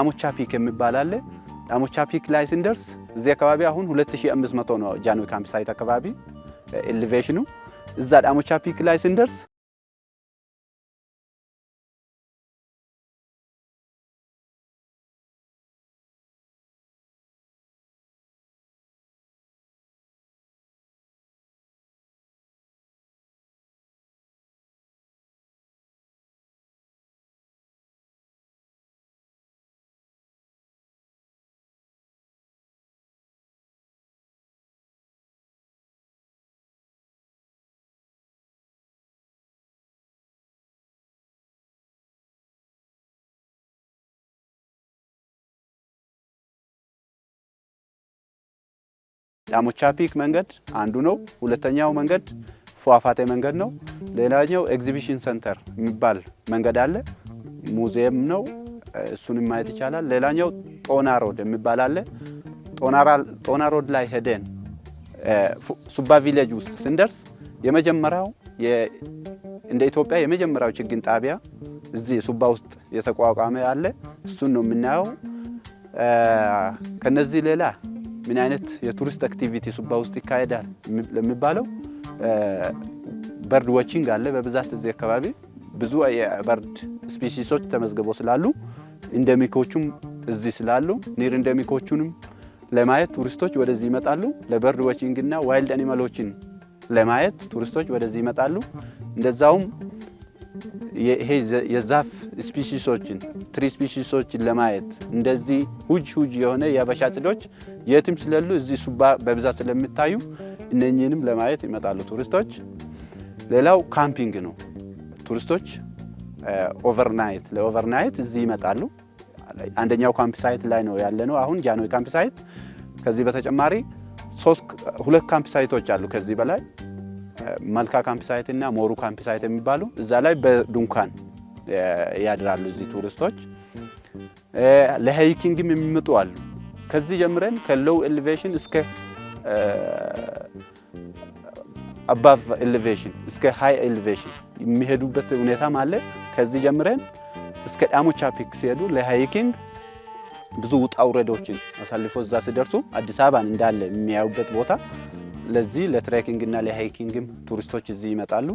ዳሞቻ ፒክ የሚባል አለ። ዳሞቻ ፒክ ላይ ስንደርስ እዚህ አካባቢ አሁን 2500 ነው ጃንሆይ ካምፕሳይት አካባቢ ኤሌቬሽኑ። እዛ ዳሞቻ ፒክ ላይ ስንደርስ ላሞቻ ፒክ መንገድ አንዱ ነው። ሁለተኛው መንገድ ፏፏቴ መንገድ ነው። ሌላኛው ኤግዚቢሽን ሰንተር የሚባል መንገድ አለ፣ ሙዚየም ነው። እሱንም ማየት ይቻላል። ሌላኛው ጦና ሮድ የሚባል አለ። ጦና ሮድ ላይ ሄደን ሱባ ቪሌጅ ውስጥ ስንደርስ የመጀመሪያው እንደ ኢትዮጵያ የመጀመሪያው ችግኝ ጣቢያ እዚህ ሱባ ውስጥ የተቋቋመ አለ። እሱን ነው የምናየው። ከነዚህ ሌላ ምን አይነት የቱሪስት አክቲቪቲ ሱባ ውስጥ ይካሄዳል ለሚባለው በርድ ዋቺንግ አለ። በብዛት እዚህ አካባቢ ብዙ የበርድ ስፔሺሶች ተመዝግበው ስላሉ ኢንደሚኮቹም እዚህ ስላሉ ኒር ኢንደሚኮቹንም ለማየት ቱሪስቶች ወደዚህ ይመጣሉ። ለበርድ ዋቺንግ እና ዋይልድ አኒማሎችን ለማየት ቱሪስቶች ወደዚህ ይመጣሉ። እንደዛውም ይሄ የዛፍ ስፒሺሶችን ትሪ ስፒሺሶችን ለማየት እንደዚህ ሁጅ ሁጅ የሆነ የአበሻ ጽዶች የትም ስለሉ እዚህ ሱባ በብዛት ስለሚታዩ እነኚህንም ለማየት ይመጣሉ ቱሪስቶች። ሌላው ካምፒንግ ነው። ቱሪስቶች ኦቨርናይት ለኦቨርናይት እዚህ ይመጣሉ። አንደኛው ካምፕ ሳይት ላይ ነው ነው አሁን ጃኖ ካምፒ ሳይት። ከዚህ በተጨማሪ ሁለት ካምፕ ሳይቶች አሉ ከዚህ በላይ መልካ ካምፕሳይት እና ሞሩ ካምፕሳይት የሚባሉ እዛ ላይ በዱንካን ያድራሉ እዚህ ቱሪስቶች። ለሃይኪንግም የሚመጡ አሉ። ከዚህ ጀምረን ከሎው ኤሌቬሽን እስከ አባቭ ኤሌቬሽን እስከ ሃይ ኤሌቬሽን የሚሄዱበት ሁኔታም አለ። ከዚህ ጀምረን እስከ ዳሞቻ ፒክ ሲሄዱ ለሃይኪንግ ብዙ ውጣ ውረዶችን አሳልፎ እዛ ሲደርሱ አዲስ አበባን እንዳለ የሚያዩበት ቦታ ለዚህ ለትሬኪንግና ለሃይኪንግም ቱሪስቶች እዚህ ይመጣሉ።